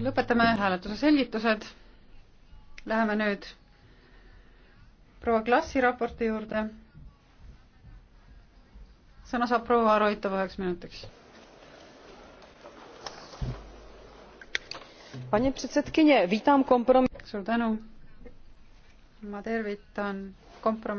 lõpetame hääletuse selgitused. Läheme nüüd proua Klassi raporti juurde. sõna saab proua Aroitova üheks minutiks. suur tänu. ma tervitan kompromissi.